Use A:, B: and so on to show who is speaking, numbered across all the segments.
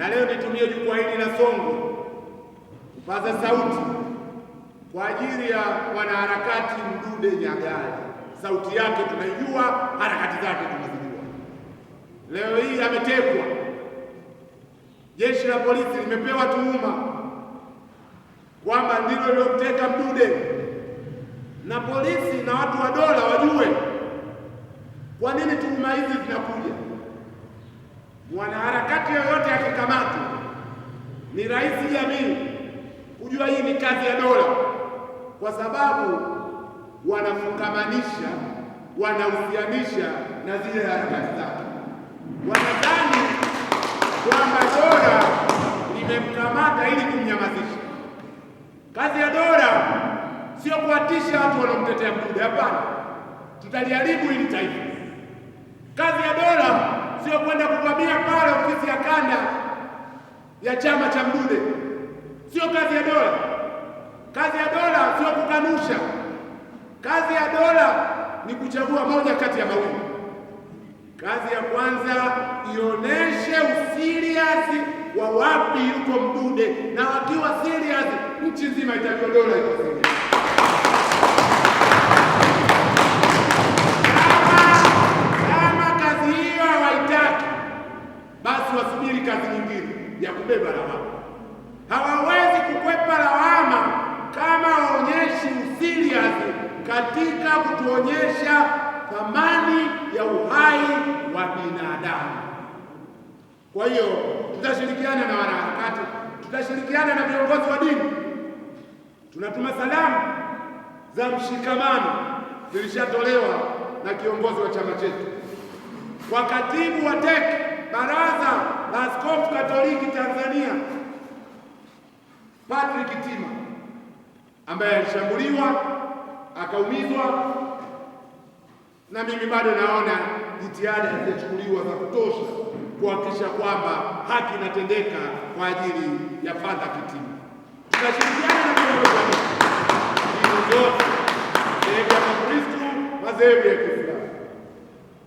A: na leo nitumie jukwaa hili la Songwe kupaza sauti kwa ajili ya wanaharakati Mdude Nyagali. Sauti yake tunaijua, harakati zake tunazijua. Leo hii ametekwa, jeshi la polisi limepewa tuhuma kwamba ndilo lilomteka Mdude, na polisi na watu wa dola wajue kwa nini tuhuma hizi zinakuja. Mwanaharakati yoyote akikamatwa, ni rahisi jamii kujua hii ni kazi ya dola, kwa sababu wanamfungamanisha, wanahusianisha na zile harakati zake. Wanadhani kwamba dola limemkamata ili kumnyamazisha. Kazi ya dola sio kuwatisha watu wanaomtetea Mdude. Hapana, tutajaribu ili taifa. Kazi ya dola sio kwenda kazi ya kanda ya chama cha Mdude, sio kazi ya dola. Kazi ya dola sio kukanusha, kazi ya dola ni kuchagua moja kati ya mawili. Kazi ya kwanza ionyeshe usiriasi wa wapi yuko Mdude, na wakiwa serious nchi nzima itajua dola iko serious. ili kazi nyingine ya kubeba lawama. Hawawezi kukwepa lawama kama waonyeshi serious katika kutuonyesha thamani ya uhai wa binadamu. Kwa hiyo tutashirikiana na wanaharakati, tutashirikiana na viongozi wa dini, tunatuma salamu za mshikamano zilishatolewa na kiongozi wa chama chetu, kwa katibu wa TEC baraza Askofu Katoliki Tanzania Patrick Tima ambaye alishambuliwa akaumizwa, na mimi bado naona jitihada hazijachukuliwa za kutosha kuhakikisha kwamba haki inatendeka kwa ajili ya Padri Kitima. Tunashirikiana na viongozi zote madhehebu ya Kikristo, madhehebu ya Kiislamu,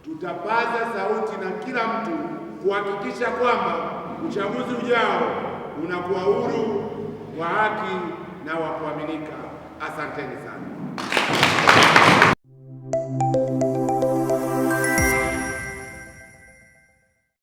A: tutapaza sauti na kila mtu kuhakikisha kwamba uchaguzi ujao unakuwa huru wa haki na wa kuaminika. Asanteni sana.